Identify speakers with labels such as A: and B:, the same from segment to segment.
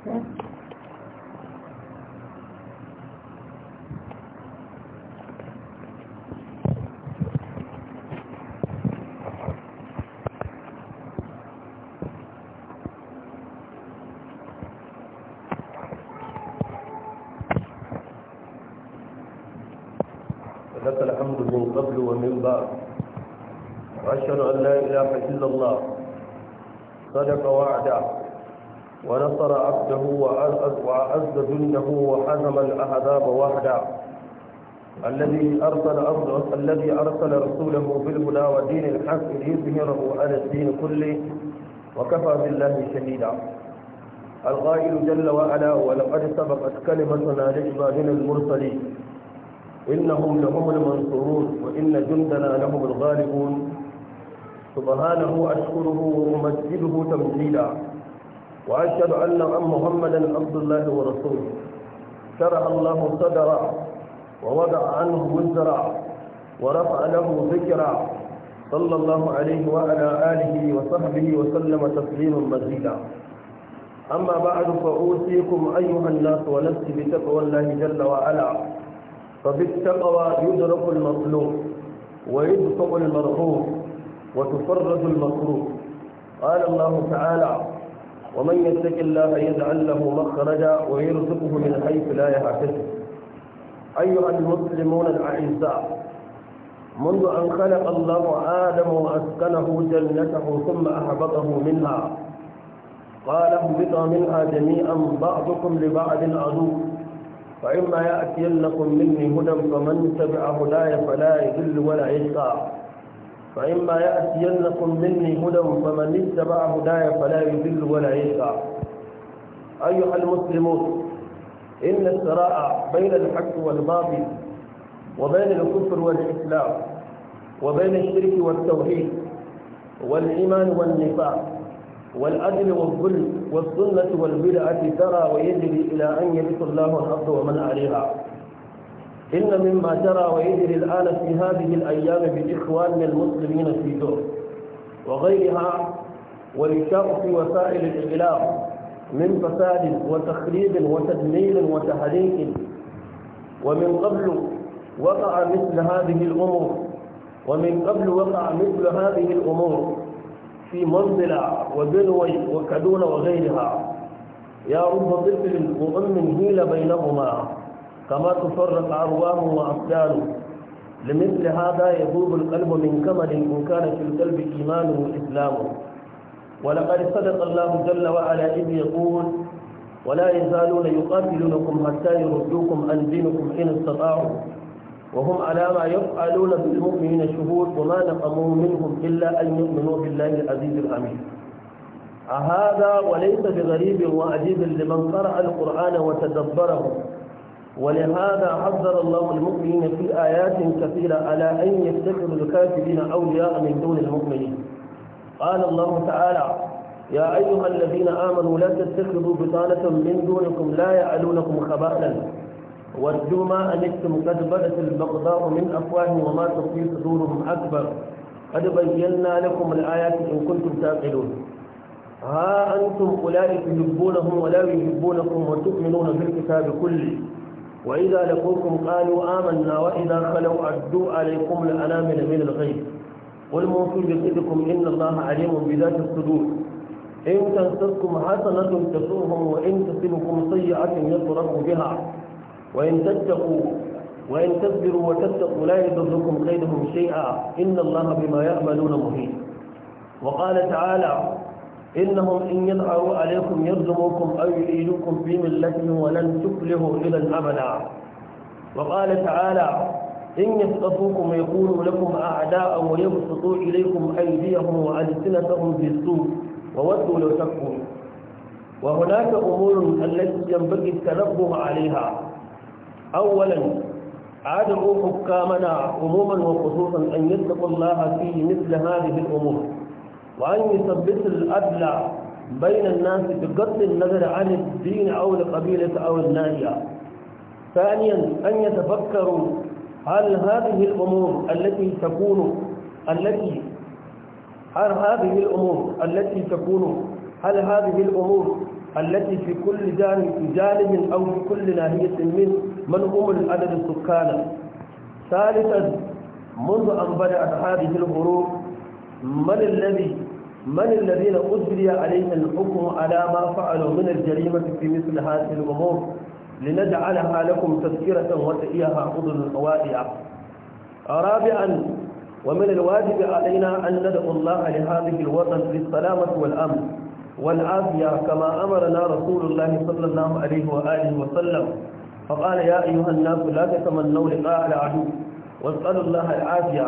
A: لك الحمد من قبل ومن بعد واشهد ان لا اله الا الله صدق وعده ونصر عبده وأعز جنده وحزم الأحزاب وحدا الذي أرسل الذي أرسل رسوله بالهدى ودين الحق ليظهره على الدين كله وكفى بالله شهيدا القائل جل وعلا ولقد سبقت كلمتنا لعبادنا المرسلين إنهم لهم المنصورون وإن جندنا لهم الغالبون سبحانه أشكره وأمجده تمجيدا وأشهد أن محمدا عبد الله ورسوله شرع الله صدرا ووضع عنه وزرا ورفع له ذكرا صلى الله عليه وعلى آله وصحبه وسلم تسليما مزيدا أما بعد فأوصيكم أيها الناس ونفسي بتقوى الله جل وعلا فبالتقوى يدرك المطلوب ويدفع المرغوب وتفرج المكروه قال الله تعالى ومن يتق الله يجعل له مخرجا ويرزقه من حيث لا يحتسب أيها المسلمون الأعزاء منذ أن خلق الله آدم وأسكنه جنته ثم أحبطه منها قال اهبطا منها جميعا بعضكم لبعض عدو فإما يأتينكم مني هدى فمن تبع هداي فلا يذل ولا يشقى فإما يأتينكم مني هدى فمن اتبع هداي فلا يضل ولا يشقى أيها المسلمون إن الصراع بين الحق والباطل وبين الكفر والإسلام وبين الشرك والتوحيد والإيمان والنفاق والعدل والظلم والسنة والبدعة ترى ويجري إلى أن يبث الله الأرض ومن عليها إن مما جرى ويجري الآن في هذه الأيام بإخواننا المسلمين في دور وغيرها ولشاء في وسائل الإغلاق من فساد وتخريب وتدمير وتحريك ومن قبل وقع مثل هذه الأمور ومن قبل وقع مثل هذه الأمور في منزلة وبنوي وكدون وغيرها يا رب طفل وأم هيل بينهما كما تفرق أرواح وأبدان لمثل هذا يذوب القلب من كمل إن كان في القلب إيمان وإسلام ولقد صدق الله جل وعلا إذ يقول ولا يزالون يقاتلونكم حتى يردوكم عن دينكم إن استطاعوا وهم على ما يفعلون بالمؤمنين شهود وما نقموا منهم إلا أن يؤمنوا بالله العزيز الحميد هذا وليس بغريب وعجيب لمن قرأ القرآن وتدبره ولهذا حذر الله المؤمنين في آيات كثيرة على أن يتخذوا الكافرين أولياء من دون المؤمنين قال الله تعالى يا أيها الذين آمنوا لا تتخذوا بطانة من دونكم لا يعلونكم خبالا ودوا ما أنكتم قد بدت البغضاء من أفواههم وما تخفي صدورهم أكبر قد بينا لكم الآيات إن كنتم تعقلون ها أنتم أولئك تحبونهم ولا يحبونكم وتؤمنون بالكتاب كله وإذا لقوكم قالوا آمنا وإذا خلوا أدوا عليكم الأنامل من الغيب قل موصول بكذكم إن الله عليم بذات الصدور إن تنسلكم حسنة تسوهم وإن تسلكم صيئة يطرق بها وإن تتقوا وإن تذبروا وتتقوا لا يضركم قيدهم شيئا إن الله بما يعملون مهين وقال تعالى إنهم إن يظهروا عليكم يظلموكم أو يعيدوكم في ملتهم ولن تفلحوا إذا أبدا وقال تعالى إن يصطفوكم يكونوا لكم أعداء ويبسطوا إليكم أيديهم وألسنتهم بالسوء وودوا لو تكفرون وهناك أمور التي ينبغي التنبه عليها أولا عدم حكامنا عموما وخصوصا أن يتقوا الله في مثل هذه الأمور وأن يثبت الأدلى بين الناس بغض النظر عن الدين أو القبيلة أو الناهية ثانيا أن يتفكروا هل هذه الأمور التي تكون التي هل هذه الأمور التي تكون هل هذه الأمور التي في كل جانب في جانب أو في كل ناهية من من هم العدد السكان ثالثا منذ أن بدأت هذه الحروب من الذي من الذين أجري عليهم الحكم على ما فعلوا من الجريمة في مثل هذه الأمور لنجعلها لكم تذكرة وتئيها أذن واعية رابعا ومن الواجب علينا أن ندعو الله لهذه الوطن للسلامة والأمن والعافية كما أمرنا رسول الله صلى الله عليه وآله وسلم فقال يا أيها الناس لا تتمنوا لقاء العدو واسألوا الله العافية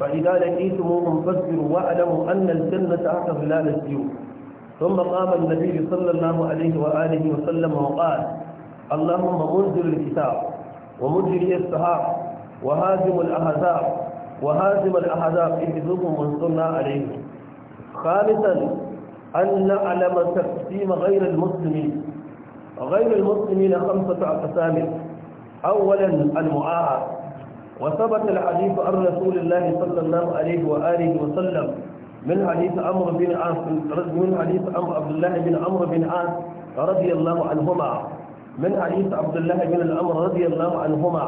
A: فإذا لقيتموهم فاصبروا واعلموا أن الجنة تحت ظلال السيوف ثم قام النبي صلى الله عليه وآله وسلم وقال اللهم انزل الكتاب ومجري السحاب وهازم الأحزاب وهازم الأحزاب اهزمهم وانصرنا عليهم خامسا أن نعلم تقسيم غير المسلمين غير المسلمين خمسة أقسام أولا المعاهد وثبت الحديث عن رسول الله صلى الله عليه وآله وسلم من حديث عمرو بن عاص من حديث عبد الله بن عمرو بن عاص رضي الله عنهما من حديث عبد الله بن عمرو رضي الله عنهما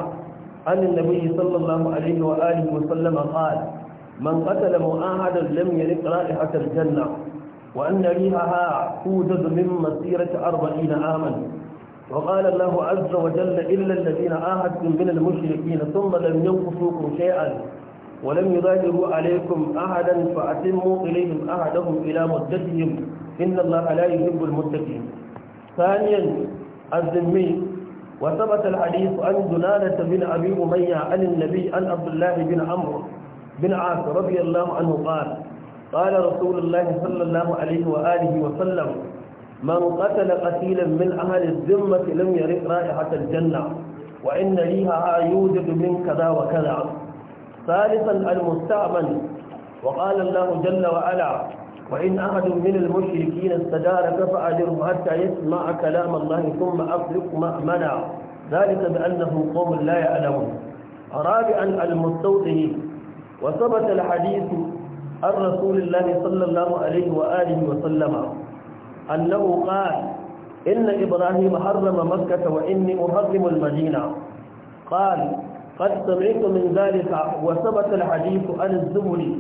A: عن النبي صلى الله عليه وآله وسلم قال من قتل معاهدا لم يلق رائحة الجنة وأن ريحها توجد من مسيرة أربعين عاما وقال الله عز وجل إلا الذين آهدتم من المشركين ثم لم ينقصوكم شيئا ولم يظاهروا عليكم أحدا فأتموا إليهم أحدهم إلى مدتهم إن الله لا يحب المتقين ثانيا الذمي وثبت الحديث عن جنانة بن أبي أمية عن النبي عن عبد الله بن عمرو بن عاص رضي الله عنه قال قال رسول الله صلى الله عليه وآله وسلم من قتل قتيلا من أهل الذمة لم يرق رائحة الجنة وإن ليها يوجد من كذا وكذا ثالثا المستعمل وقال الله جل وعلا وإن أحد من المشركين استدارك فأجره حتى يسمع كلام الله ثم أطلق مأمنا ذلك بأنه قوم لا يعلمون رابعا المستوطن وثبت الحديث عن رسول الله صلى الله عليه وآله وسلم أنه قال إن إبراهيم حرم مكة وإني أحرم المدينة قال قد سمعت من ذلك وثبت الحديث عن الزهري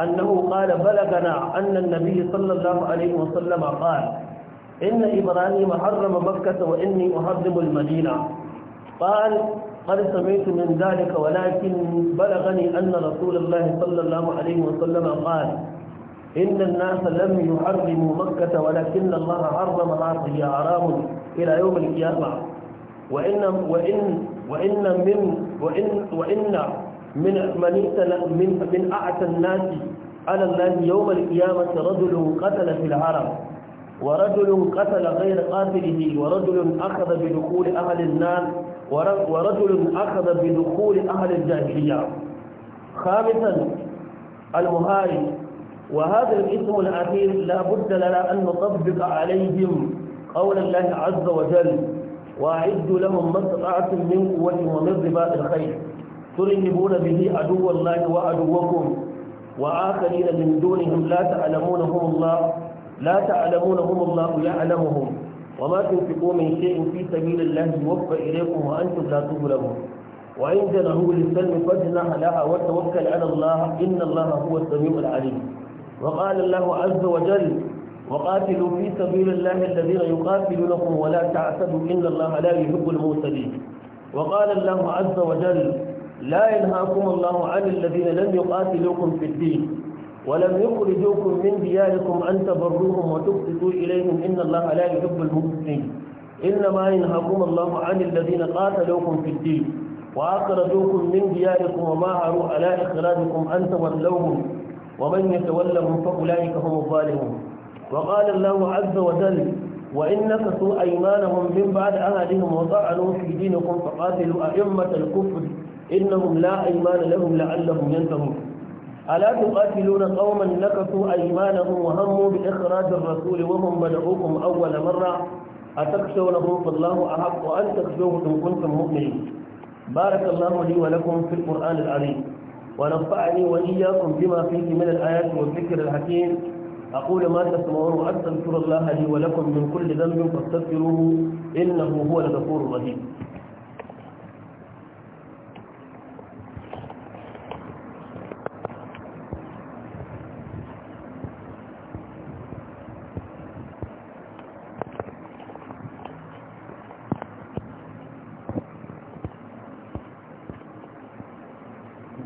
A: أنه قال بلغنا أن النبي صلى الله عليه وسلم قال إن إبراهيم حرم مكة وإني أحرم المدينة قال قد سمعت من ذلك ولكن بلغني أن رسول الله صلى الله عليه وسلم قال إن الناس لم يحرموا مكة ولكن الله حرمها فهي حرام إلى يوم القيامة وإن وإن وإن من وإن وإن من من من, من أعتى الناس على الله يوم القيامة رجل قتل في العرب ورجل قتل غير قاتله ورجل أخذ بدخول أهل النار ورجل أخذ بدخول أهل الجاهلية خامسا المهاجر وهذا الاسم الأخير لا بد لنا أن نطبق عليهم قول الله عز وجل وأعدوا لهم ما استطعتم من قوة ومن رباط الخير ترهبون به عدو الله وعدوكم وآخرين من دونهم لا تعلمونهم الله لا تعلمونهم الله يعلمهم وما تنفقوا من شيء في سبيل الله يوفى إليكم وأنتم لا تظلمون وان هو للسلم فاجنح لها وتوكل على الله إن الله هو السميع العليم وقال الله عز وجل وقاتلوا في سبيل الله الذين يقاتلونكم ولا تعتدوا إن الله لا يحب المرتدين وقال الله عز وجل لا ينهاكم الله عن الذين لم يقاتلوكم في الدين ولم يخرجوكم من دياركم أن تبروهم وتقسطوا إليهم إن الله لا يحب المفسدين إنما ينهاكم الله عن الذين قاتلوكم في الدين وأخرجوكم من دياركم وما وماهروا على إخراجكم أن تولوهم ومن يتولهم فأولئك هم الظالمون وقال الله عز وجل وإن نكثوا أيمانهم من بعد أهلهم وطعنوا في دينكم فقاتلوا أئمة الكفر إنهم لا أيمان لهم لعلهم ينتهون ألا تقاتلون قوما نكثوا أيمانهم وهموا بإخراج الرسول وهم بدعوكم أول مرة أتخشونهم فالله أحق أن تخشوه إن كنتم مؤمنين بارك الله لي ولكم في القرآن العظيم ونفعني وإياكم بما فيه من الآيات والذكر الحكيم أقول ما تسمعون وأستغفر الله لي ولكم من كل ذنب فاستغفروه إنه هو الغفور الرحيم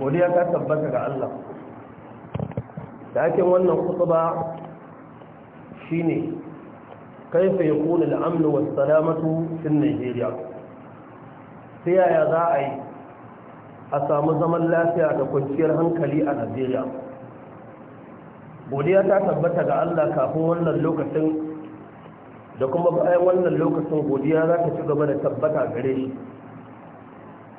A: godiya ta tabbata ga Allah da ake wannan kutuba shine kaifa yakunu al-amn was salamatu fi Najeriya ta yaya za a yi a samu zaman lafiya da kwanciyar hankali a Najeriya godiya ta tabbata ga Allah kafin wannan lokacin da kuma bayan wannan lokacin godiya za ta ci gaba da tabbata gare shi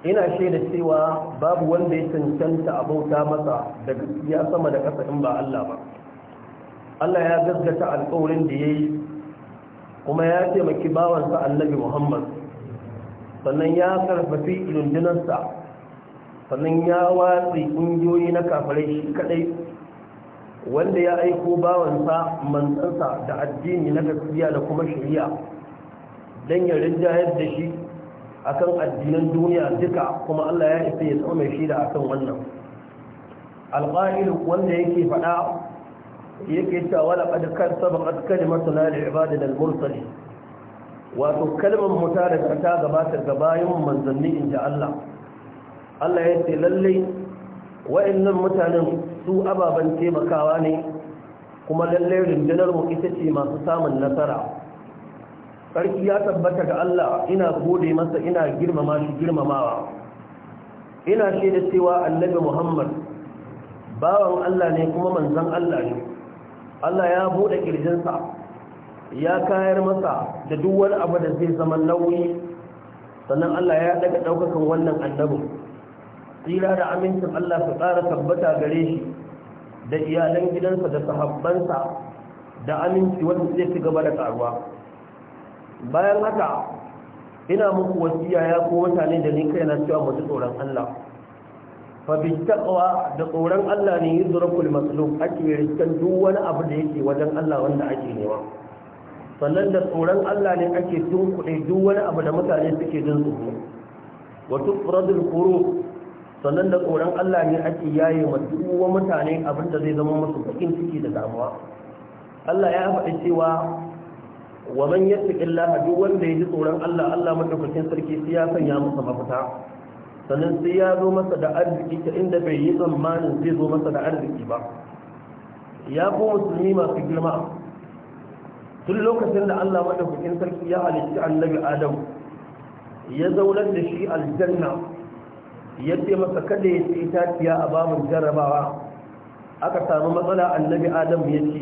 A: ina shaida cewa babu wanda ya cancanta a bauta masa da gaskiya sama da ƙasa in ba Allah ba Allah ya gaskata alƙawarin da ya yi kuma ya taimaki bawansa annabi Muhammad sannan ya karfafi rundunarsa sannan ya watsi ƙungiyoyi na kafirai shi kaɗai wanda ya aiko bawansa mansansa da addini na gaskiya da kuma shari'a don ya rinjayar da shi akan addinan duniya duka kuma Allah ya isa ya tsome shi da akan wannan alqa'il wanda yake fada yake cewa wala qad kan sabaqat masana da ibadina al-mursalin wato kalmar mu ta daga ta gabata ga bayan manzanni ji Allah Allah ya ce lalle wa'annan mutanen su ababen taimakawa ne kuma lalle rundunar mu ita ce masu samun nasara sarki ya tabbata ga Allah ina gode masa ina girmama shi girmamawa ina shaida cewa annabi Muhammad bawan Allah ne kuma manzon Allah ne Allah ya bude kirjinsa ya kayar masa da duk wani abu da zai zama nauyi sannan Allah ya daga daukakan wannan annabin tsira da amincin Allah su tsara tabbata gare shi da iyalan gidansa da sahabbansa da aminci wanda zai ci gaba da karuwa bayan haka ina muku wasiya ya ko mutane da ni kai na cewa mutu tsoron Allah fa bi taqwa da tsoron Allah ne yuzrakul maslum ake riskan duk wani abu da yake wajen Allah wanda ake newa sannan da tsoron Allah ne ake tunkuɗe duk wani abu da mutane suke jin tsoro wa tufradul qurub sannan da tsoron Allah ne ake yaye ma duk mutane abin da zai zama musu bakin ciki da damuwa Allah ya faɗi cewa wa man yattaqillaha duk wanda ya ji tsoron Allah Allah madaukakin sarki sai ya sanya masa mafita sannan sai ya zo masa da arziki ta inda bai yi tsammanin zai zo masa da arziki ba ya fi musulmi masu girma tun lokacin da Allah madaukakin sarki ya halicci annabi Adam ya zaunar da shi aljanna ya ce masa kada ya ci itaciya a babin jarrabawa aka samu matsala annabi Adam ya ce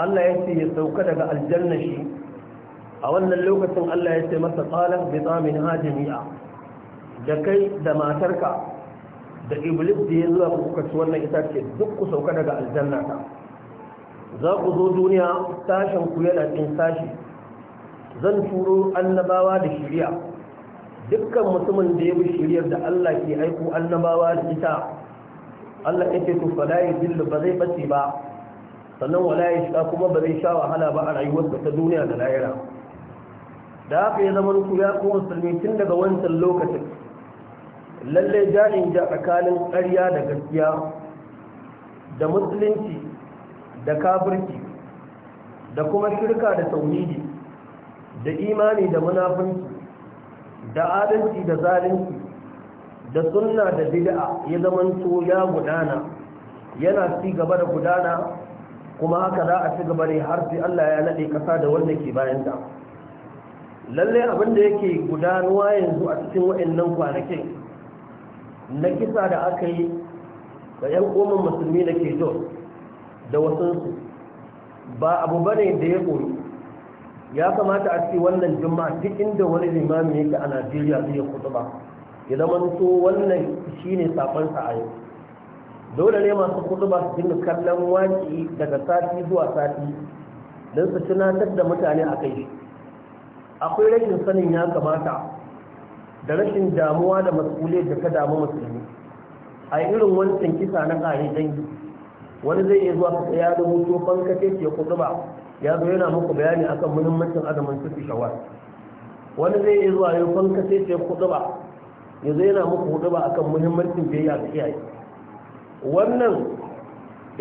A: Allah ya ce ya sauka daga aljanna shi a wannan lokacin Allah ya ce masa bi bitsamin hajjami'a da kai da matarka da iblis da ya zuwa kuka ci wannan ita ce duk ku sauka daga aljanna ta za ku zo duniya sashen ku yana cin sashi zan turo annabawa da shirya dukkan mutumin da ya bi shiryar da Allah ke aiko annabawa da ita Allah ya ce to fala yadillu ba zai bace ba sannan wala ya shiga kuma ba zai sha wahala ba a rayuwarsa ta duniya da lahira da haka ya zama ku ya kuma musulmi tun daga wancan lokacin lallai jani ja tsakanin ƙarya da gaskiya da musulunci da kafirci da kuma shirka da tauhidi da imani da munafunci da adalci da zalunci da sunna da bid'a ya zamanto ya gudana yana ci gaba da gudana kuma haka za a ci gaba ne har sai Allah ya nade kasa da wanda ke bayan ta lalle abin da yake gudanuwa yanzu a cikin waɗannan kwanakin na kisa da aka yi da 'yan ƙomin musulmi da ke jos da wasu ba abu bane da ya ƙori. ya kamata a ce wannan juma'a duk inda wani limami yake a najeriya zai ya kutu ba ya zama so wannan shine sakonsa a yau dole ne masu kudu ba su dinga kallon waki daga sati zuwa sati don su tunatar da mutane a kai akwai rashin sanin ya kamata da rashin damuwa da matsule da ka damu musulmi a irin wancan kisa na ƙare dangi wani zai iya zuwa ka tsaya da hutu fankace ce kudu ba ya zo yana muku bayani akan muhimmancin azumin sufi shawar wani zai iya zuwa yau fankace ce kudu ba ya zo yana muku hudu ba akan muhimmancin biyayya ga iyaye wannan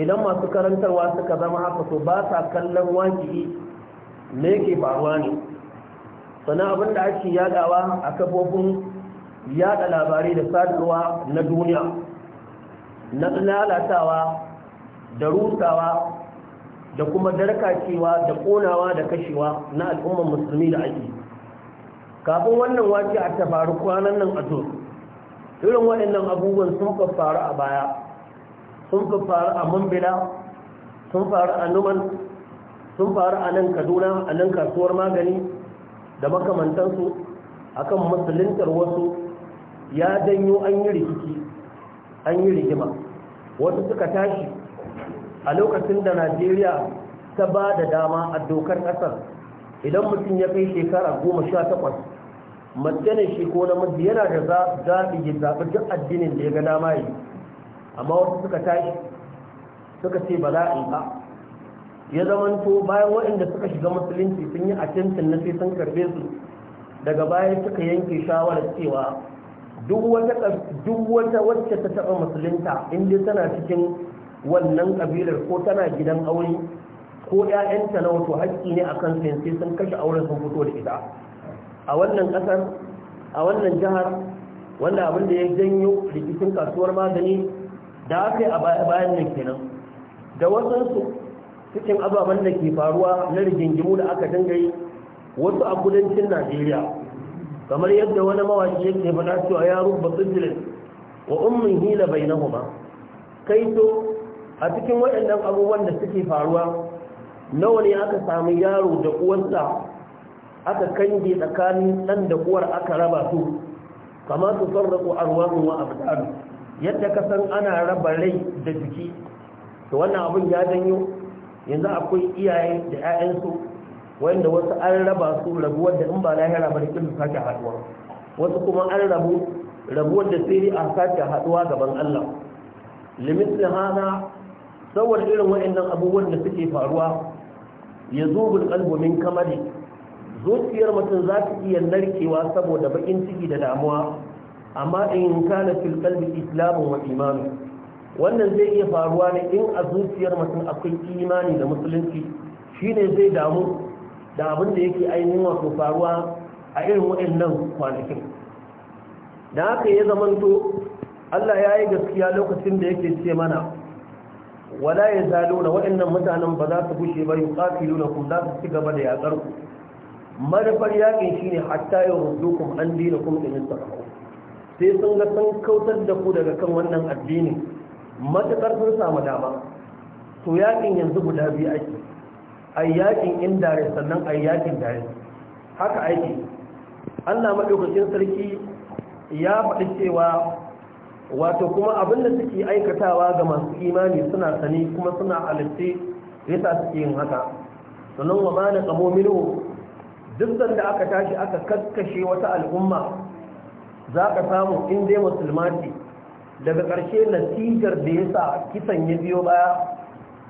A: idan masu karantarwa suka zama haka so ba sa kallon wajibi me yake faruwa ne sana abin da ake yadawa a kafofin yada labarai da sadarwa na duniya na lalatawa da rusawa da kuma darkacewa da konawa da kashewa na al'ummar musulmi da ake kafin wannan wace a tafaru kwanan nan a irin waɗannan abubuwan sun faru a baya sun faru a mambila sun faru a numan sun faru a nan kaduna a nan kasuwar magani da makamantansu a kan musuluntar wasu ya janyo an yi rikiki an yi rigima wasu suka tashi a lokacin da najeriya ta ba da dama a dokar kasar idan mutum ya kai shekara goma sha takwas mace ne shi ko namiji yana da zaɓi ya zaɓi duk addinin da ya ga dama yi amma wasu suka tashi suka ce ba za a yi ba ya zamanto bayan waɗanda suka shiga musulunci sun yi atintin na sai sun karbe su daga baya suka yanke shawarar cewa duk wata wacce ta taɓa musulunta inda tana cikin wannan ƙabilar ko tana gidan aure ko ƴaƴanta na wato haƙƙi ne a kan sai sun kashe auren sun fito da ita a wannan ƙasar a wannan jihar wanda abin da ya janyo rikicin kasuwar magani da aka yi a bayan nan kenan da wasansu cikin ababen da ke faruwa na rigingimu da aka dangaye wasu a kudancin najeriya kamar yadda wani mawaki yake faɗa cewa ya rubba sujilin wa ummin hila bai na huma kai to a cikin waɗannan abubuwan da suke faruwa nawa ne aka sami yaro da uwarsa aka kange tsakanin ɗan da uwar aka raba su kamar su sarrafa arwahin wa abu yadda ka san ana raba rai da jiki to wannan abin ya janyo yanzu akwai iyaye da 'ya'yansu wanda wasu an raba su rabuwar da in ba lahira ba da kin sake haduwa wasu kuma an rabu rabuwar da sai a sake haɗuwa gaban Allah limitin hana saboda irin wa'annan abubuwan da suke faruwa ya zubul kalbu min kamari zuciyar mutum za ta iya narkewa saboda bakin ciki da damuwa amma in kana fil qalbi islamu wa imanu wannan zai iya faruwa ne in a zuciyar mutum akwai imani da musulunci shine zai damu da abin da yake ainihin wato faruwa a irin waɗannan kwanakin da haka ya zamanto Allah ya yi gaskiya lokacin da yake ce mana wala ya zalo na waɗannan mutanen ba za su gushe ba yi ƙafilu na ku za su ci gaba da yaƙar ku manufar yaƙin shine hatta yau an dina kuma ɗin sai sun ga sun kautar da ku daga kan wannan addini matuƙar sun samu dama to yakin yanzu guda biyu ake a yakin indirect sannan a yakin direct haka aiki allah maɗaukacin sarki ya faɗi cewa wato kuma abin da suke aikatawa ga masu imani suna sani kuma suna halitta yasa suke yin haka sannan wa ma na duk sanda aka tashi aka kakkashe wata al'umma za ka samu in dai musulma ce daga ƙarshe natijar da ya sa kisan ya biyo baya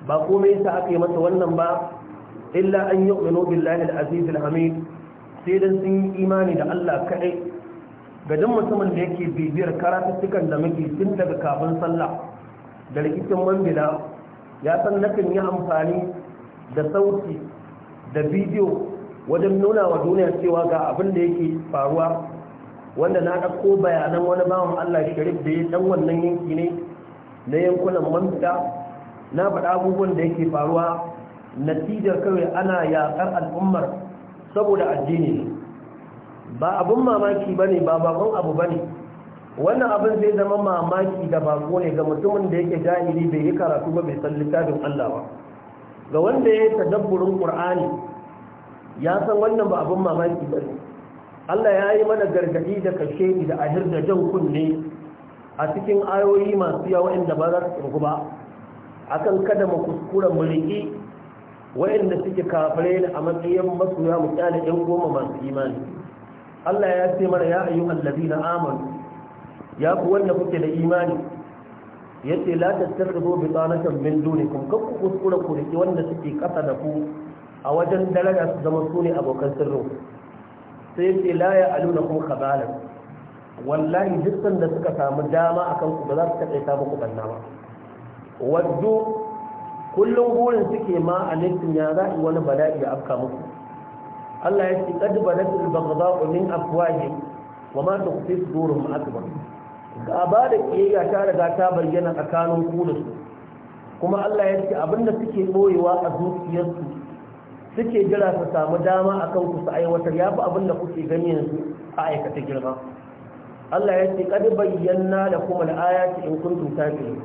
A: ba komai yasa aka yi masa wannan ba illa an yi umarno billahi al-aziz hamid sai don sun yi imani da Allah kaɗai ga musamman da yake bibiyar karatuttukan da muke tun daga kafin sallah da rikicin mambila ya san nakan yi amfani da sauti da bidiyo wajen nuna wa duniya cewa ga abin da yake faruwa wanda na ɗauko bayanan wani bawan Allah sharif da ya ɗan wannan yanki ne na yankunan manta na faɗa abubuwan da yake faruwa natijar kawai ana yaƙar al'ummar saboda addini ne ba abin mamaki ba ne ba bakon abu ba ne wannan abin zai zama mamaki da bako ne ga mutumin da yake jahili bai yi karatu ba bai san littafin Allah ba ga wanda ya yi tadabburin ƙur'ani ya san wannan ba abin mamaki ba ne Allah ya yi mana gargaɗi da kashe da ahir da jan kunne a cikin ayoyi masu yawa inda ba za su tsirgu ba akan kada mu kuskura mu riƙi wa'inda suke kafare ni a matsayin masoya mu da ɗan goma masu imani Allah ya ce mana ya ayyu allazi na ya ku wanda kuke da imani ya ce la tattakhudhu bi tanatan min dunikum ku kuskura ku riƙi wanda suke ƙasa da ku a wajen daraja su zama sune ne abokan sirrinku sai ce la ya aluna kuma kabalan wallahi dukkan da suka samu dama a kanku ba za su taɓa samu ku banna ba kullum burin suke ma a nufin ya za'i wani bala'i ya afka muku Allah ya ce ba ku baghdha'u min afuwaye wa ma aka ba ga ba da kiyayya ta riga ta bayyana tsakanin ku da su kuma Allah ya ce abinda suke ɓoyewa a zuciyarsu suke jira su samu dama a kanku su aiwatar ya fi abin da kuke gani yanzu a aikata girma Allah ya ce kad bayyana da kuma da ce in tuta tafiyin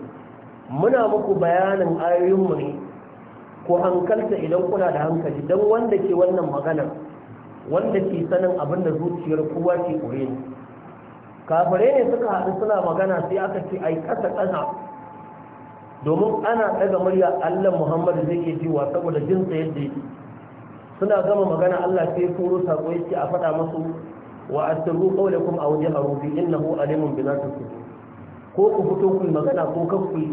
A: muna muku bayanin ayoyinmu ne ko hankalta idan kuna da hankali don wanda ke wannan maganar wanda ke sanin abin da zuciyar kowa ke kure ne ne suka haɗu suna magana sai aka ce ai ƙasa ƙasa domin ana ɗaga murya allah muhammadu zai iya jiwa saboda jinsa yadda yake suna gama magana Allah sai turo sako yake a faɗa musu wa asirru qawlakum aw jaharu bi innahu alimun bi zati sudur ko ku fito ku magana ko kakku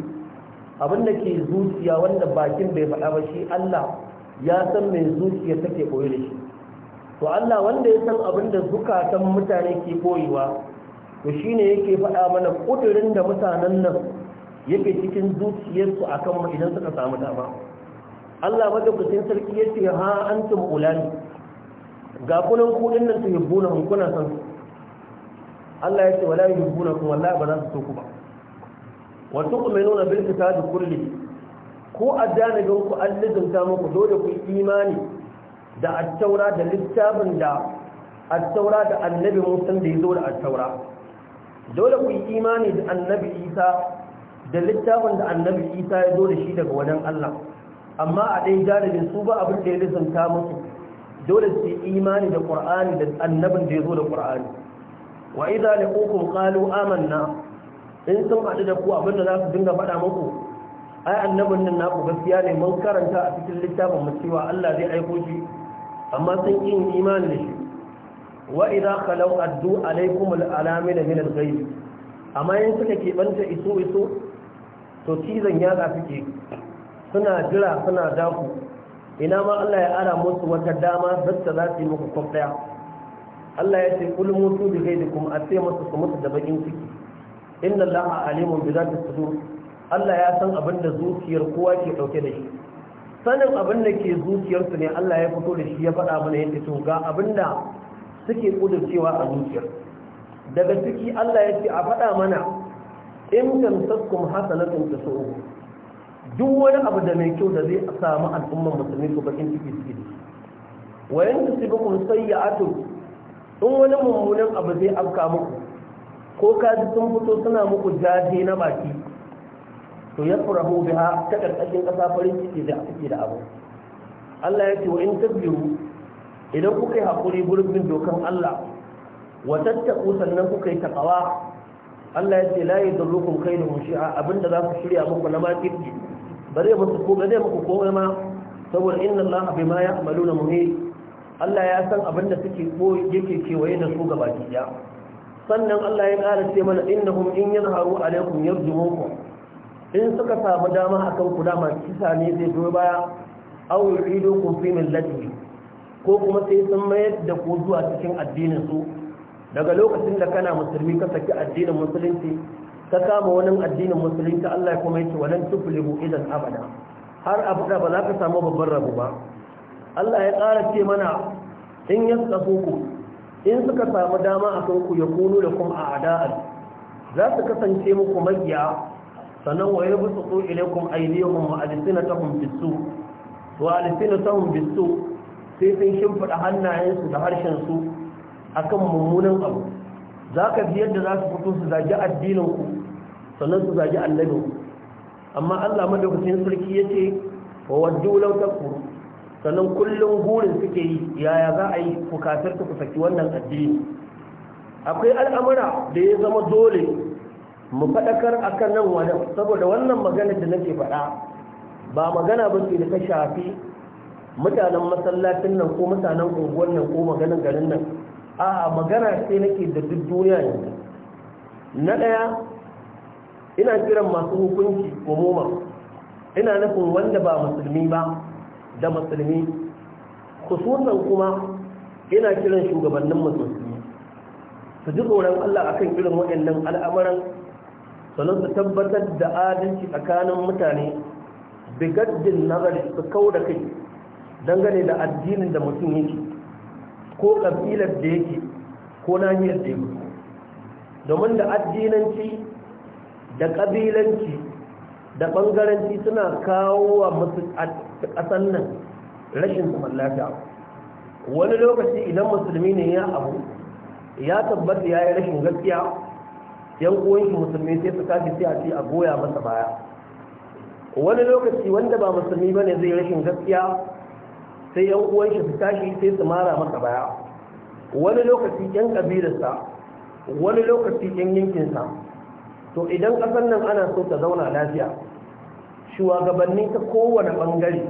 A: abin da ke zuciya wanda bakin bai faɗa ba shi Allah ya san mai zuciya take koyi da shi to Allah wanda ya san abin da zukatan mutane ke koyewa to shine yake faɗa mana kudirin da mutanen nan yake cikin zuciyarsu akan mu idan suka samu dama Allah madaukakin sarki ya ce ha antum ulani ga kunan kudin nan tuhibbuna hun kuna san su Allah ya ce wala yuhibbuna kun wallahi ba za su so ku ba wa tu'minuna bil kitabi kulli ko addanagan ku an lizinta muku dole ku imani da attaura da littafin da attaura da annabi musan da ya zo da attaura dole ku imani da annabi isa da littafin da annabi isa ya zo da shi daga wajen Allah amma a ɗaya jarabin su ba abin da ya lizanta musu dole su imani da ƙur'ani da annabin da ya zo da ƙur'ani wa idza laqukum qalu amanna in sun haɗu da ku abin da za su dinga faɗa muku ai annabin nan naku gaskiya ne mun karanta a cikin littafin mu cewa Allah zai aiko shi amma sun yi imani da shi wa idza khalaw addu alaykum al-alamin min al-ghayb amma in suka keɓanta iso iso to cizon ya suke suna jira suna daku ina ma Allah ya ara musu wata dama zata za su yi muku kwaf Allah ya ce kul mutu bi gaidikum a ce musu su mutu da bakin ciki inna laha alimun bi zati sudur Allah ya san abin da zuciyar kowa ke dauke da shi sanin abin da ke zuciyarsu ne Allah ya fito da shi ya faɗa mana yadda to ga abin da suke kudurcewa a zuciyar daga ciki Allah ya ce a faɗa mana in tamsaskum hasanatun tasu'u duk wani abu da mai kyau da zai samu al'ummar musulmi su bakin ciki ciki wayan su sibi sayya ato in wani mummunan abu zai afka muku ko kaji sun fito suna muku jaje na baki to ya furahu biha ta karkashin kasa farin ciki da ake da abu Allah ya ce wa in tabiru idan kuka yi haƙuri gurbin dokan Allah wa tattaku sannan kuka yi takawa Allah ya ce la yadurrukum kaiduhum shi'a abinda za ku shirya muku na makirci bare musu ko zai muku ko ma saboda inna allaha bima ya'maluna muhit Allah ya san abin da suke ko yake kewaye da su gaba ya sannan Allah ya kara ce mana innahum in yazharu alaikum yarjumukum in suka samu dama akan ku dama kisa ne zai zo baya aw yuridukum fi millati ko kuma sai sun mayar da ku zuwa cikin addinin su daga lokacin da kana musulmi ka saki addinin musulunci ka kama wani addinin musulunci Allah kuma yace walan tuflihu idan abada har abada ba za ka samu babban rabo ba Allah ya ƙara ce mana in yasafuku in suka samu dama akan ku kuma a a'da'a za su kasance muku magiya sannan wa yabsutu ilaykum aydiyahum wa alsinatahum bis-su wa alsinatahum bis-su sai sun shimfida hannayensu da harshen su akan mummunan abu ka ji yadda za su fito su zagi addinin ku sannan su zagi annabi amma Allah madaukakin sarki yace wa waddu law takfuru sannan kullum gurin suke yi yaya za a yi bukatar ku saki wannan addini akwai al'amura da ya zama dole mu faɗakar akan nan wadan saboda wannan magana da nake faɗa ba magana ba ce da ta shafi mutanen masallacin nan ko mutanen unguwar nan ko maganar garin nan a magana sai nake da duk duniya yanzu na ɗaya ina kiran masu hukunci umuman ina nufin wanda ba musulmi ba da musulmi khususan kuma ina kiran shugabannin musulmi su ji tsoron Allah akan irin waɗannan al'amuran sannan su tabbatar da adalci tsakanin mutane bigaddin nazari su kau da kai dangane da addinin da mutum yake ko ƙabilar da yake ko nahiyar da yake domin da addinanci da ƙabilanci da ɓangaranci suna kawo wa kasan nan rashin zaman lafiya wani lokaci idan musulmi ne ya abu ya tabbata ya yi rashin gaskiya yan uwanshi musulmi sai su kashi sai a ce a goya masa baya wani lokaci wanda ba musulmi ba ne zai rashin gaskiya sai yan uwanshi su tashi sai su mara masa baya wani lokaci yan ƙabilarsa wani lokaci yan yankinsa to idan ƙasar nan ana so ta zauna lafiya shugabanni ta kowane bangare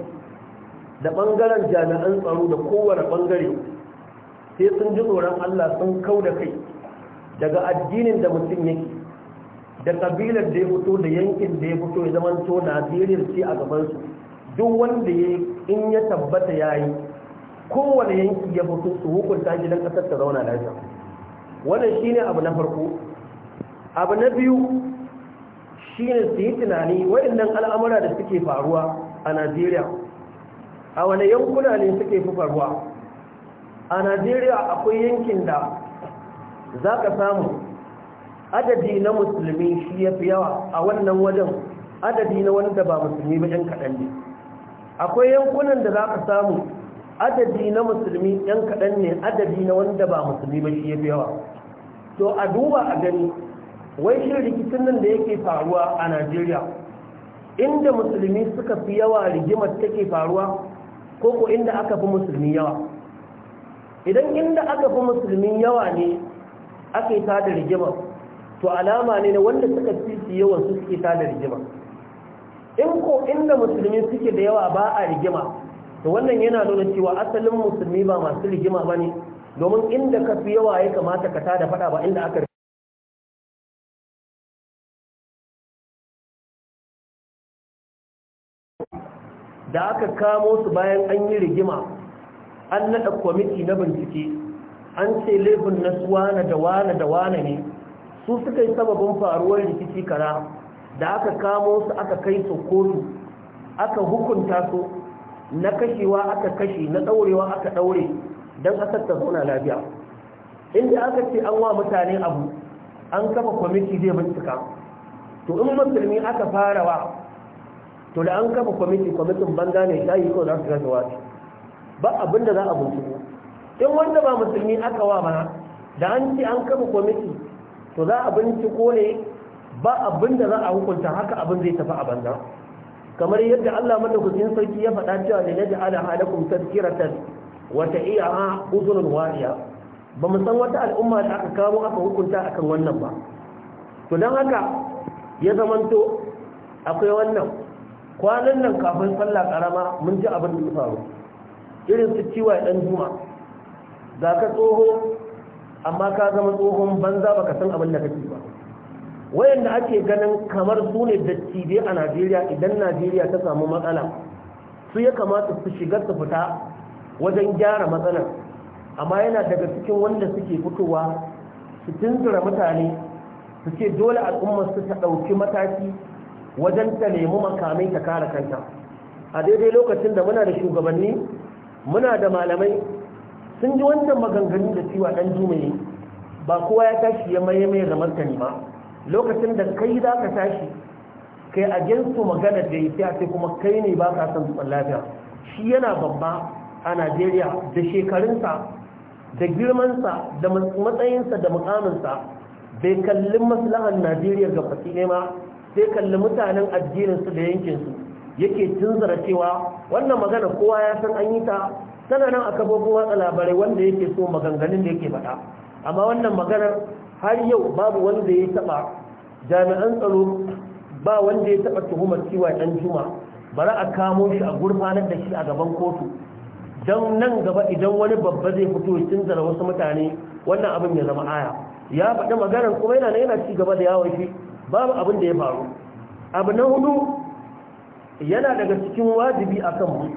A: da bangaren jami'an tsaro da kowane bangare sai sun ji tsoron allah sun kau da kai daga addinin da mutum yake da ƙabilar da ya fito da yankin da ya fito ya zama to najeriya ce a gabansu duk wanda ya in ya tabbata ya yi kowane yanki ya fito su hukunta gidan ƙasar ta zauna lafiya wannan shine abu na farko abu na biyu shi ne su yi tunani waɗannan al'amura da suke faruwa a najeriya a wane yankuna ne suke fi faruwa a najeriya akwai yankin da za ka samu adadi na musulmi shi ya fi yawa a wannan wajen adadi na wanda ba musulmi ba yan kaɗan ne akwai yankunan da za ka samu adadi na musulmi yan kaɗan ne adadi na wanda ba musulmi ba shi ya fi yawa to a duba a gani wai shi rikicin nan da yake faruwa a najeriya inda musulmi suka fi yawa rigimar take faruwa ko ko inda aka fi musulmi yawa idan inda aka fi musulmi yawa ne ake da rigimar to alama ne na wanda suka fi su yawa su suke da rigimar in ko inda musulmi suke da yawa ba a rigima to wannan yana nuna cewa asalin musulmi ba masu rigima ba ne domin inda ka fi yawa ya kamata ka da faɗa ba inda aka da aka kamo su bayan an yi rigima an naɗa kwamiti na bincike an ce laifin na su wane da wane da wane ne su suka yi sababin faruwar rikici kara da aka kamo su aka kai su kotu aka hukunta su na kashewa aka kashe na ɗaurewa aka ɗaure don aka ta zauna lafiya inda aka ce an wa mutane abu an kafa kwamiti zai bincika to in musulmi aka fara wa to da an kafa kwamiti kwamitin banza ne shayi ko za su gasa wasu ba abinda za a binciko in wanda ba musulmi aka wa mana da an ce an kafa kwamiti to za a binciko ne ba abinda za a hukunta haka abin zai tafi a banza kamar yadda Allah madaukakin sarki ya faɗa cewa da yadda ala halakum tazkiratan iya, a uzurin wariya ba mu san wata al'umma da aka kawo aka hukunta akan wannan ba to don haka ya zamanto akwai wannan kwanan nan kafin sallah karama mun ji abin da faru irin su ciwa dan juma za ka tsoho amma ka zama tsohon banza baka san abin da kake ba wayanda ake ganin kamar su ne dattijai a najeriya idan najeriya ta samu matsala su ya kamata su shiga su fita wajen gyara matsalar amma yana daga cikin wanda suke fitowa su tunzura mutane su ce dole al'ummar su ta ɗauki mataki wajen ta nemi makamai ta kare kanta a daidai lokacin da muna da shugabanni muna da malamai sun ji wancan maganganu da cewa dan jumaye ba kowa ya tashi ya maye mai zamar ta ba lokacin da kai za ka tashi kai a gensu magana da ya fiya sai kuma kai ne ba ka san tsan lafiya shi yana babba a najeriya da shekarunsa da girmansa da matsayinsa da mukaminsa bai kalli maslahan najeriya ga fasi ma. sai kalli mutanen addinin addininsu da yankin su yake tunzara cewa wannan magana kowa ya san an yi ta tana nan a kafofin watsa labarai wanda yake so maganganun da yake faɗa amma wannan maganar har yau babu wanda ya taɓa jami'an tsaro ba wanda ya taɓa tuhumar cewa ɗan juma bari a kamo shi a gurfanar da shi a gaban kotu don nan gaba idan wani babba zai fito tunzara wasu mutane wannan abin ya zama aya ya faɗi maganar kuma yana yana ci gaba da yawon shi babu abin da ya faru abu na hudu yana daga cikin wajibi a kanmu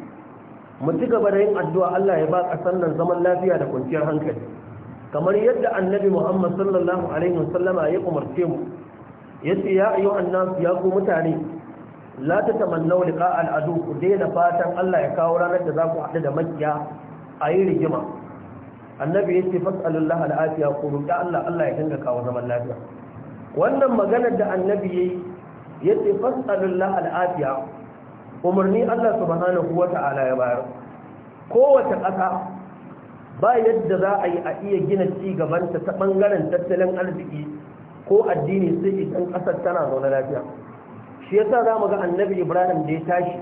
A: mu ci gaba da yin addu'a Allah ya ba ƙasar nan zaman lafiya da kwanciyar hankali kamar yadda annabi Muhammad sallallahu alaihi wasallama ya umarce mu yace ya ayu annas ya ku mutane la tatamannu liqa al'adu ku daina fatan Allah ya kawo ranar da za ku haɗu da makiya a yi rigima annabi ce fas'alullah al'afiya ku roƙi Allah Allah ya dinga kawo zaman lafiya wannan maganar da annabi ya yi yayi ce fasalullah al'afiya umarni Allah subhanahu Ta'ala ya bayar kowace ƙasa ba yadda za a yi a iya gina ci gabanta ta ɓangaren tattalin arziki ko addini sai idan ƙasar tana zaune lafiya shi yasa za mu ga annabi ibrahim da ya tashi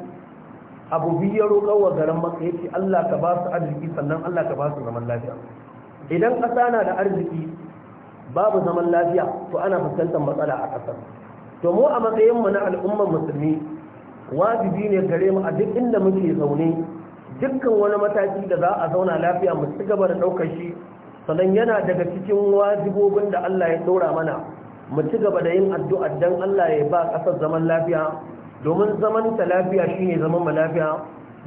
A: abu biyu ya roƙar wa garin maka yace Allah ka ba su arziki sannan Allah ka ba su zaman lafiya idan ƙasa na da arziki babu zaman lafiya to ana fuskantar matsala a ƙasar to mu a matsayin mu na al'ummar musulmi wajibi ne gare mu a duk inda muke zaune dukkan wani mataki da za a zauna lafiya mu ci gaba da ɗaukar shi sannan yana daga cikin wajibobin da Allah ya ɗora mana mu ci gaba da yin addu'a dan Allah ya ba ƙasar zaman lafiya domin zaman ta lafiya shine zaman mu lafiya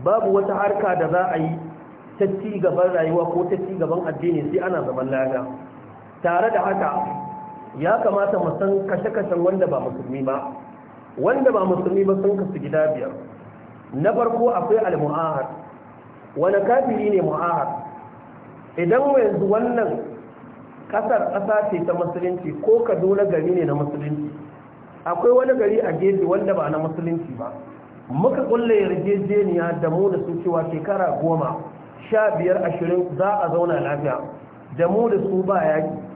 A: babu wata harka da za a yi ta ci gaban rayuwa ko ta ci gaban addini sai ana zaman lafiya tare da haka ya kamata mu san kashe-kashen wanda ba musulmi ba wanda ba musulmi ba sun kasu gida biyar na farko akwai al-mu'ahad wani kafiri ne mu'ahad idan yanzu wannan kasar ƙasa ce ta musulunci ko kaduna gari ne na musulunci akwai wani gari a gefe wanda ba na musulunci ba muka kulle yarjejeniya da mu da su cewa shekara goma sha biyar ashirin za a zauna lafiya da mu da su ba yaki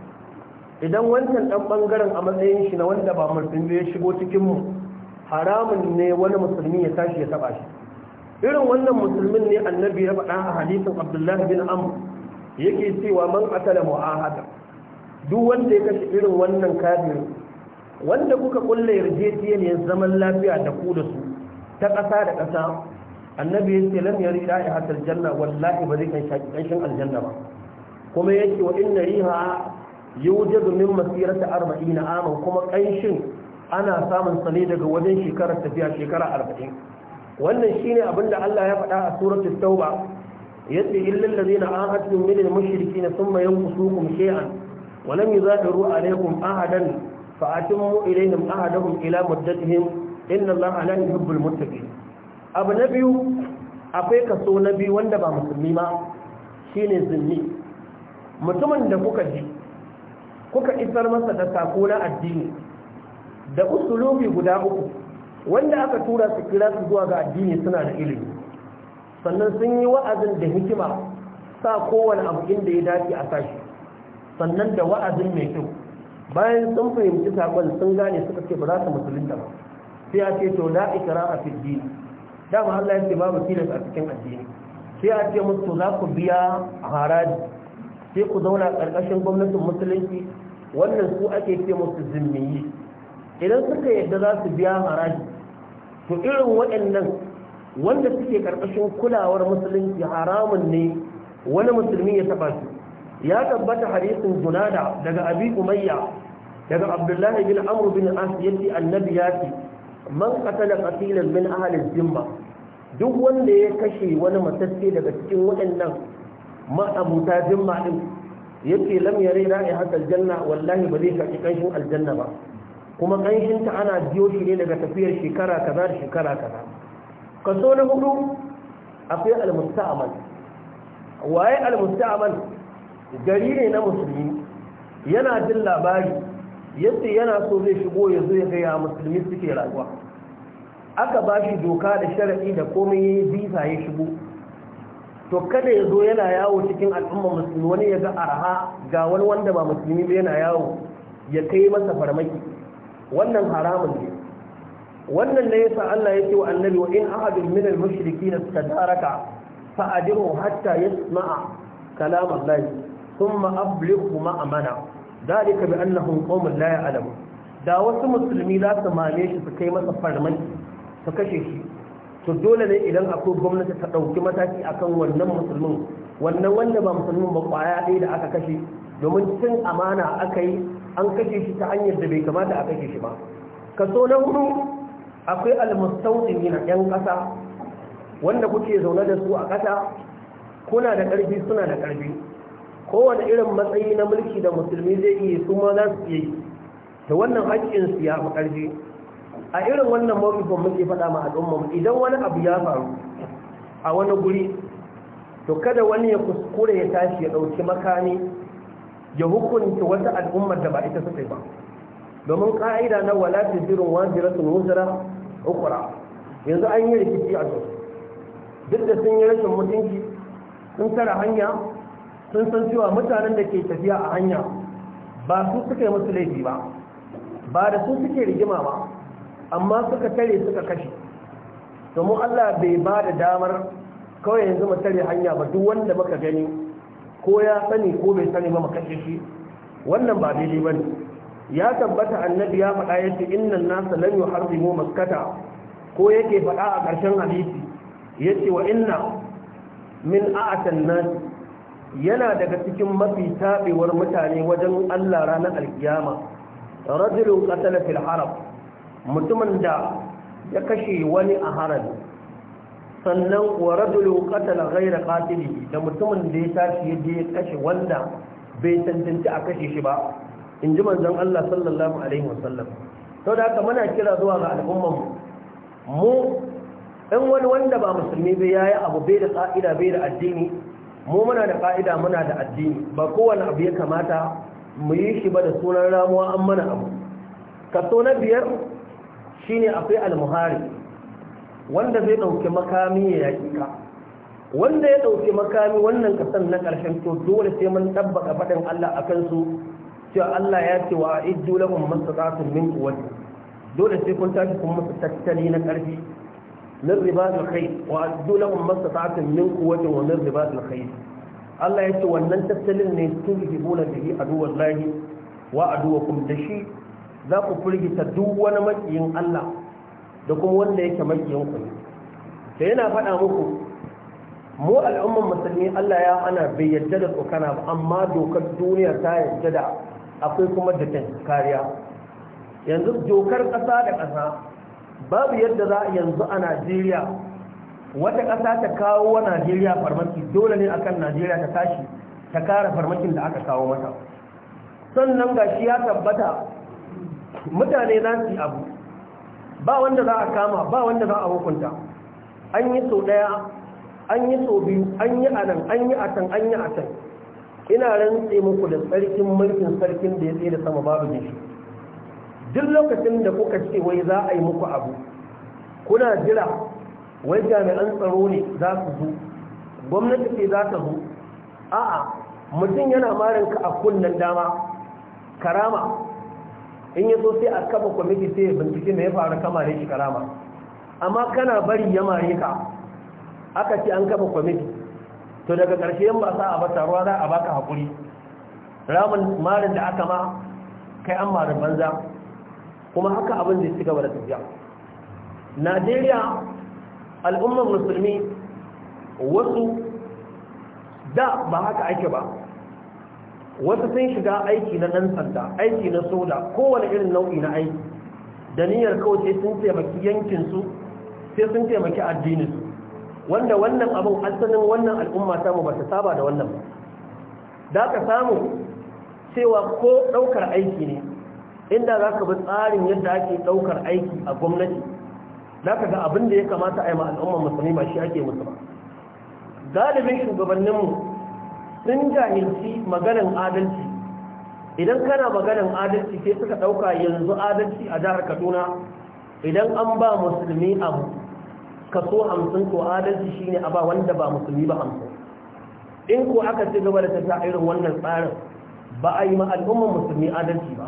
A: idan wancan dan bangaren a matsayin shi na wanda ba musulmi ya shigo cikin mu haramun ne wani musulmi ya tashi ya taba shi irin wannan musulmin ne annabi ya faɗa a hadisin abdullahi bin amr yake cewa man qatala mu'ahada duk wanda ya kashe irin wannan kafiri wanda kuka kulle yarjejeniyar zaman lafiya da ku da su ta ƙasa da ƙasa annabi ya ce lam yari da'i hatar janna wallahi ba zai kan shaki ƙanshin aljanna ba kuma yake wa inna riha yujadu min masirata 40 aman kuma kanshin ana samun sane daga wajen shekarar tafiya shekara 40 wannan shine abinda Allah ya faɗa a suratul tauba yace illal ladina ahadtu min al mushrikeena thumma yanqusukum shay'an wa lam yuzahiru alaykum ahadan fa atimmu ilayhim ahadahum ila muddatihim inna Allah la yuhibbul muttaqin abu na biyu akwai kaso na biyu wanda ba musulmi ba shine zimmi mutumin da kuka ji kuka isar masa da sako na addini da usulubi guda uku wanda aka tura su kira su zuwa ga addini suna da ilimi sannan sun yi wa'azin da hikima sa kowane abu inda ya dace a sashi sannan da wa'azin mai kyau bayan sun fahimci sakon sun gane suka ce ba za su musulunta ba sai a ce to na ikira a fiddi dama Allah ya ce babu tilas a cikin addini sai a ce musu za ku biya haraji sai ku zauna ƙarƙashin gwamnatin musulunci wannan su ake ce musu zimmiyi idan suka yadda za su biya haraji to irin waɗannan wanda suke ƙarƙashin kulawar musulunci haramun ne wani musulmi ya taɓa su ya tabbata hadisin junada daga abi umayya daga abdullahi bin amru bin as yace annabi ya ce man qatala qatilan min ahli zimma duk wanda ya kashe wani matacce daga cikin waɗannan ma'abuta jimma din yace lam yare da ya haka janna wallahi ba zai kaci kanshin aljanna ba kuma kanshin ta ana biyo shi ne daga tafiyar shekara kaza da shekara kaza kaso na hudu akwai almusta'mal waye almusta'amal gari ne na musulmi yana jin labari yadda yana so zai shigo ya zo ya gaya musulmi suke rayuwa aka ba shi doka da sharaɗi da komai ya yi ya shigo to kada ya zo yana yawo cikin al'umma musulmi wani ya ga arha ga wani wanda ba musulmi ba yana yawo ya kai masa farmaki wannan haramun ne wannan ne yasa Allah yake wa annabi wa in ahadun min al-mushrikeena istadaraka fa adiru hatta yasma'a kalam Allah thumma ablighu ma amana dalika bi annahum qaumun la ya'lamun da wasu musulmi za su mame shi su kai masa farmaki su kashe shi to dole ne idan akwai gwamnati ta ɗauki mataki akan wannan musulmin wannan wanda ba musulmin ba kwaya ɗaya da aka kashe domin cin amana aka yi an kashe shi ta hanyar da bai kamata a kashe shi ba kaso na hudu akwai almustautin na yan ƙasa wanda kuke zaune da su a ƙasa kuna da ƙarfi suna da ƙarfi kowane irin matsayi na mulki da musulmi zai iya su ma za su iya yi da wannan haƙƙin su ya ƙarfi a irin wannan mawukifin muke faɗa ma al'umma idan wani abu ya faru a wani guri to kada wani ya kuskure ya tashi ya ɗauki makami ya hukunta wata al'ummar da ba ita suka ba domin ka'ida na wala tazirin waziratun wuzara ukura. yanzu an yi rikici a jos duk da sun yi rashin mutunci sun tara hanya sun san cewa mutanen da ke tafiya a hanya ba su suka yi musu laifi ba ba da su suke rigima ba amma suka tare suka kashe domin Allah bai ba da damar kawai yanzu mu tare hanya ba duk wanda muka gani ko ya sani ko bai sani ba mu kashe shi wannan ba daidai bane ya tabbata annabi ya faɗa yace innan nasa lam yuharrimu makkata ko yake faɗa a ƙarshen hadisi yace wa inna min a'atan nas yana daga cikin mafi tabewar mutane wajen Allah ranar alkiyama rajulun qatala fil haram mutumin da ya kashe wani a haram sannan waradulu qatala ghayra qatili da mutumin da ya tashi ya je ya kashe wanda bai tantance a kashe shi ba in ji manzon Allah sallallahu alaihi wasallam to da haka muna kira zuwa ga al'umman mu in wani wanda ba musulmi bai yayi abu bai da ka'ida bai da addini mu muna da ka'ida muna da addini ba kowane abu ya kamata mu yi shi ba da sunan ramuwa an mana abu kaso na biyar shine akwai muhari wanda zai ɗauki makami ya yaƙi ka wanda ya ɗauki makami wannan kasan na ƙarshen to dole sai mun ɗabbaka faɗin Allah a su cewa Allah ya ce wa iddu lahum mastata'atun min quwwati dole sai kun tashi kun musu tattali na ƙarfi min ribatul khayr wa iddu lahum mastata'atun min quwwati wa min ribatul khayr Allah ya ce wannan tattalin ne tuhibuna bihi aduwallahi wa aduwakum da shi za ku firgita duk wani makiyin Allah da kuma wanda yake makiyin ku da yana faɗa muku mu al'umman musulmi Allah ya ana bai yadda da tsokana ba amma dokar duniya ta yadda da akwai kuma da kariya yanzu dokar ƙasa da ƙasa babu yadda za yanzu a Najeriya wata ƙasa ta kawo wa Najeriya farmaki dole ne akan Najeriya ta tashi ta kara farmakin da aka kawo mata sannan ga shi ya tabbata mutane za su yi abu ba wanda za a kama ba wanda za a hukunta an yi sau ɗaya an yi sau biyu an yi anan, an yi atan, an yi atan. ina rantse muku da tsarkin mulkin sarkin da ya tsaye da sama babu ne shi duk lokacin da kuka ce wai za a yi muku abu kuna jira wai jami'an tsaro ne za su zo gwamnati ce za ta zo a'a mutum yana marinka a kunnen dama karama in yi so a kaba kwamiti sai ya bincike mai ya faru kama ne shi karama amma kana bari ya mare ka aka ce an kafa kwamiti to daga ƙarshe yan a bata ruwa za a baka haƙuri ramin marin da aka ma kai an marin banza kuma haka abin da ci gaba da tafiya najeriya al'ummar musulmi wasu da ba haka ake ba wasu sun shiga aiki na ɗan sanda aiki na soda kowane irin nau'i na aiki da niyyar kawai sai sun taimaki yankinsu sai sun taimaki addininsu wanda wannan abin asalin wannan al'umma samu ba ta saba da wannan ba da ka samu cewa ko ɗaukar aiki ne inda za ka bi tsarin yadda ake ɗaukar aiki a gwamnati za ka ga abin da ya kamata a yi ma al'ummar musulmi ba shi ake musu ba galibin shugabanninmu sun jahilci maganan adalci idan kana maganan adalci sai suka ɗauka yanzu adalci a jihar kaduna idan an ba musulmi abu kaso hamsin ko adalci shine a ba wanda ba musulmi ba hamsin in ko aka ci gaba da tafiya irin wannan tsarin ba a yi ma al'ummar musulmi adalci ba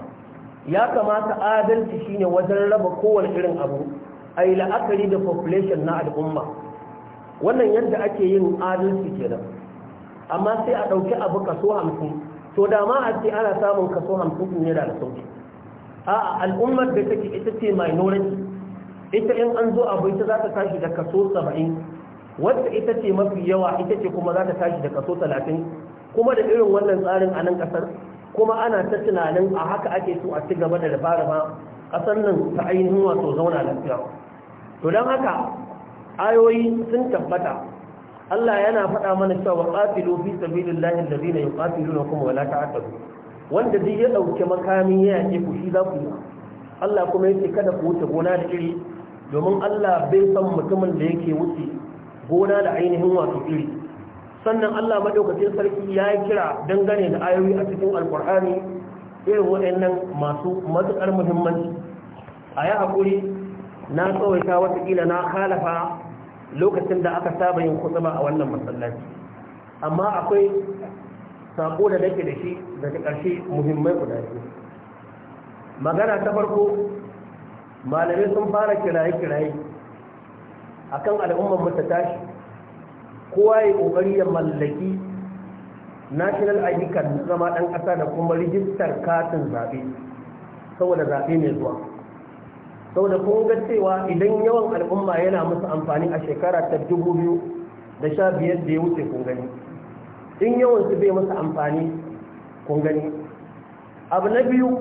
A: ya kamata adalci shine wajen raba kowane irin abu a yi la'akari da population na al'umma wannan yadda ake yin adalci kenan amma sai a ɗauki abu kaso hamsin to da ma a ce ana samun kaso hamsin ne da sauki a al'ummar da take ita ce minority ita in an zo abu ita za ta tashi da kaso saba'in wadda ita ce mafi yawa ita ce kuma za ta tashi da kaso talatin kuma da irin wannan tsarin a nan ƙasar kuma ana ta tunanin a haka ake so a ci gaba da dabara ba ƙasar nan ta ainihin wato zauna lafiya to don haka ayoyi sun tabbata Allah yana faɗa mana cewa qatilu fi sabilillahi alladhina yuqatilunakum wa la ta'tadu wanda duk ya dauke makami ya yake ku shi za ku yi Allah kuma yake kada ku wuce gona da iri domin Allah bai san mutumin da yake wuce gona da ainihin wato iri sannan Allah madaukakin sarki ya yi kira dangane da ayoyi a cikin alkur'ani irin waɗannan masu matuƙar muhimmanci a yi haƙuri na tsawaita watakila na halafa lokacin da aka saba yin kutsuma a wannan masallaci amma akwai saƙo da nake da shi daga ƙarshe muhimmai guda biyu magana ta farko malamai sun fara kiraye-kiraye akan al'ummar mu ta tashi kowa ya ƙoƙari ya mallaki national ayyukan zama ɗan ƙasa da kuma rijistar katin zaɓe saboda zaɓe mai zuwa da kun ga cewa idan yawan al'umma yana musu amfani a shekara ta dubu biyu da sha biyar da ya wuce kun gani in yawan su bai musu amfani kun gani abu na biyu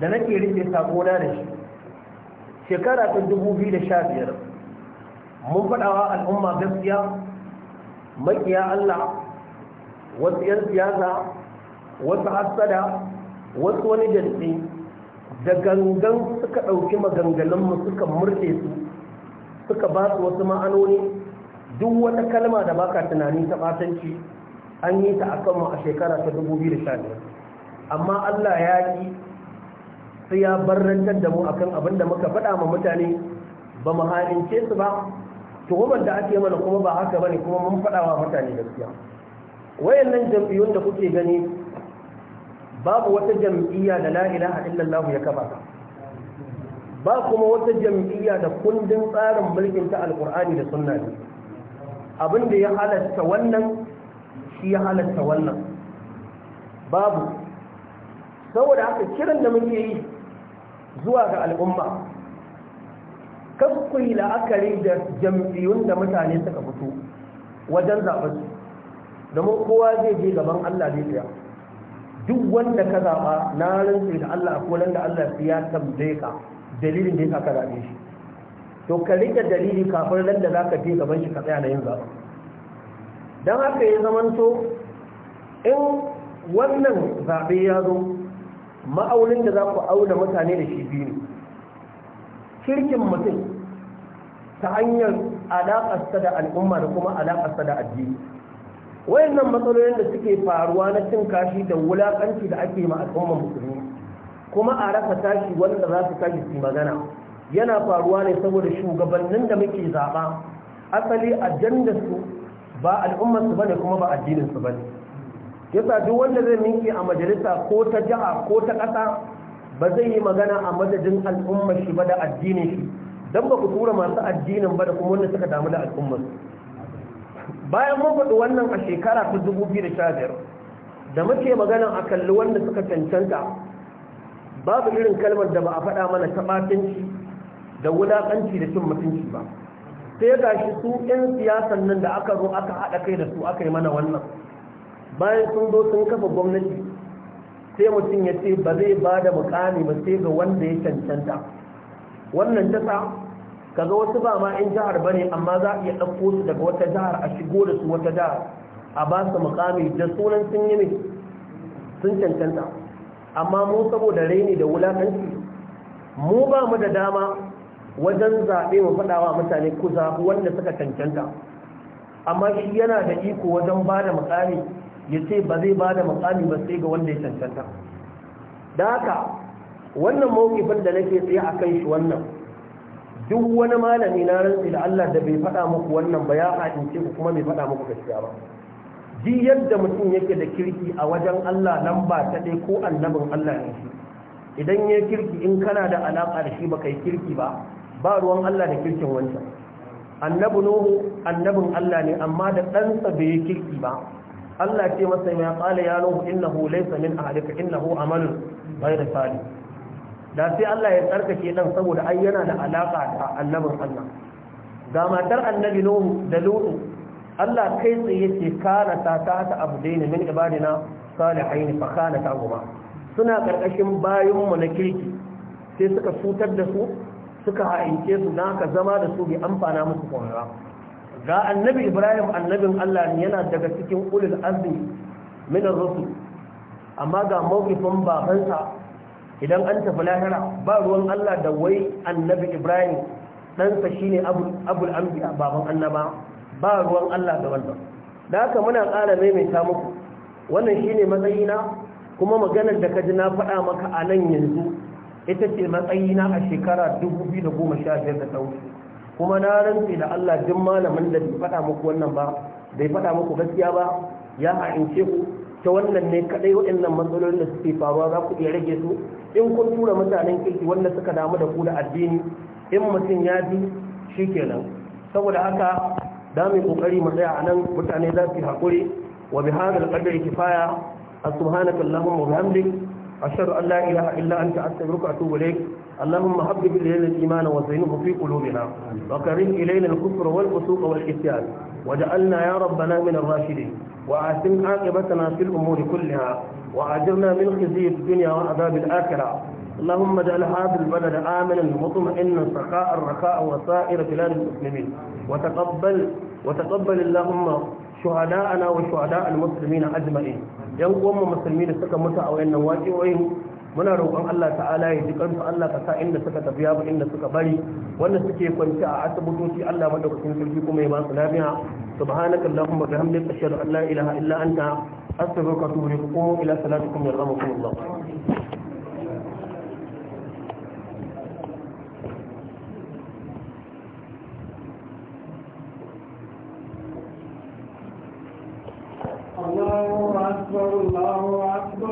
A: da nake rike sakona da shi shekara ta dubu biyu da sha biyar mun faɗawa al'umma gaskiya makiya Allah wasu 'yan siyasa wasu hassada wasu wani jansi da gangan suka ɗauki maganganunmu suka murɗe su suka ba su wasu ma'anoni duk wata kalma da baka tunani ta ɓatanci an yi ta a kanmu a shekara ta 2015 amma allah ya ƙi sai ya barrantar da mu akan abin da muka faɗa ma mutane ba mu halince su ba tuhumar da ake mana kuma ba haka ba ne kuma mun faɗawa mutane gaskiya wayannan jam'iyyun da kuke gani babu wata jam'iyya da la'ilaha illallahu ya kafa ba kuma wata jam'iyya da kundin tsarin mulkin ta alkur'ani da sunna ne abinda ya halatta wannan shi ya halatta wannan babu saboda haka kiran da muke yi zuwa ga al'umma kaskuri la'akari da jam'iyyun da mutane suka fito wajen zaɓar domin kowa zai je gaban Allah zai tsaya duk wanda ka zaɓa na rinsu da Allah a kolan da Allah ya tambaye ka dalilin da ya ka zaɓe shi to ka rike dalili kafin nan da za ka je gaban shi ka tsaya na yin zaɓa Don haka ya zamanto in wannan zaɓe ya zo ma'aunin da za ku auna mutane da shi biyu kirkin mutum ta hanyar alaƙarsa da al'umma da kuma alaƙarsa da addini wayannan matsalolin da suke faruwa na cin kashi da wulakanci da ake ma al'ummar musulmi kuma a rasa tashi wanda za su tashi su magana yana faruwa ne saboda shugabannin da muke zaɓa asali ajanda su ba al'ummar su bane kuma ba addinin su bane yasa duk wanda zai minke a majalisa ko ta jiha ko ta ƙasa ba zai yi magana a madadin al'ummar shi ba da addinin shi dan ba ku tura masu addinin ba da kuma wanda suka damu da al'ummar bayan mun faɗi wannan a shekara ta 2015 da da muke magana a kalli wanda suka cancanta babu irin kalmar da ba a faɗa mana ta da wulaƙanci da cin mutunci ba sai ga shi su 'yan siyasan nan da aka zo aka haɗa kai da su aka yi mana wannan bayan sun zo sun kafa gwamnati sai mutum ya ce ba zai ba da mukami ba sai ga wanda ya cancanta wannan ta sa kaga wasu ba ma in jihar bane amma za a iya ɗauko su daga wata jihar a shigo da su wata jihar a ba su mukami da sunan sun yi ne sun cancanta amma mu saboda raini da wulakanci mu ba mu da dama wajen zaɓe mu faɗawa mutane ku zaɓi wanda suka cancanta amma shi yana da iko wajen ba da mukami ya ce ba zai ba da mukami ba sai ga wanda ya cancanta da haka wannan mawukifin da nake tsaye a kan shi wannan duk wani malami na rantsi da Allah da bai faɗa muku wannan ba ya haɗince ku kuma bai faɗa muku gaskiya ba ji yadda mutum yake da kirki a wajen Allah nan ba ta ɗaya ko annabin Allah ne shi idan ya kirki in kana da alaƙa da shi ba kai kirki ba ba ruwan Allah da kirkin wancan annabi nuhu annabin Allah ne amma da ɗansa bai yi kirki ba Allah ce masa ya ƙala ya nuhu innahu laysa min ahlika innahu amalun ghayra salih da sai Allah ya tsarkake dan saboda ai yana da alaka da annabin Allah ga matar annabi Nuhu da Lutu Allah kai tsaye ce kana ta ta abdaini min ibadina salihaini fa kana ta goma suna karkashin bayin mu na kirki sai suka cutar da su suka haince su dan ka zama da su bi amfana musu kuma ga annabi Ibrahim annabin Allah yana daga cikin ulul azmi min ar-rusul amma ga mawqifin babansa idan an tafi lahira ba ruwan Allah da wai annabi Ibrahim ɗansa shine abul anbiya baban annaba ba ruwan Allah da wannan da haka muna ƙara maimaita muku wannan shine matsayina kuma maganar da kaji na faɗa maka a nan yanzu ita ce matsayina a shekara 2015 da ta wuce kuma na rantse da Allah duk malamin da bai faɗa muku wannan ba bai faɗa muku gaskiya ba ya ha'ince ku ta wannan ne kadai waɗannan matsalolin da suke faruwa za ku iya rage su in kun tura mutanen kirki wanda suka damu da ku da addini in mutum ya bi shi kenan saboda haka da mu kokari mu tsaya anan mutane za su hakuri wa bi hadal qadri kifaya subhanaka allahumma wa bihamdik ashhadu an la ilaha illa anta astaghfiruka wa atubu ilayk اللهم حبب إلينا الإيمان وزينه في قلوبنا وكره إلينا الكفر والفسوق والعصيان وجعلنا يا ربنا من الراشدين واعتم عاقبتنا في الأمور كلها وأجرنا من خزي الدنيا وعذاب الآخرة اللهم اجعل هذا البلد آمنا مطمئنا سخاء رخاء وسائر بلاد المسلمين وتقبل وتقبل اللهم شهداءنا وشهداء المسلمين أجمعين ينقوم أمم مسلمين سكا متى أو إن muna roƙon Allah ta'ala ya ji kansu Allah ka sa inda suka tafi ya inda suka bari wanda suke kwanci a asibitoci Allah madaukakin sarki kuma ya ba su lafiya subhanaka allahumma bihamdika ashhadu an la ilaha illa anta astaghfiruka wa atubu ila salatikum yarhamukumullah الله أكبر الله أكبر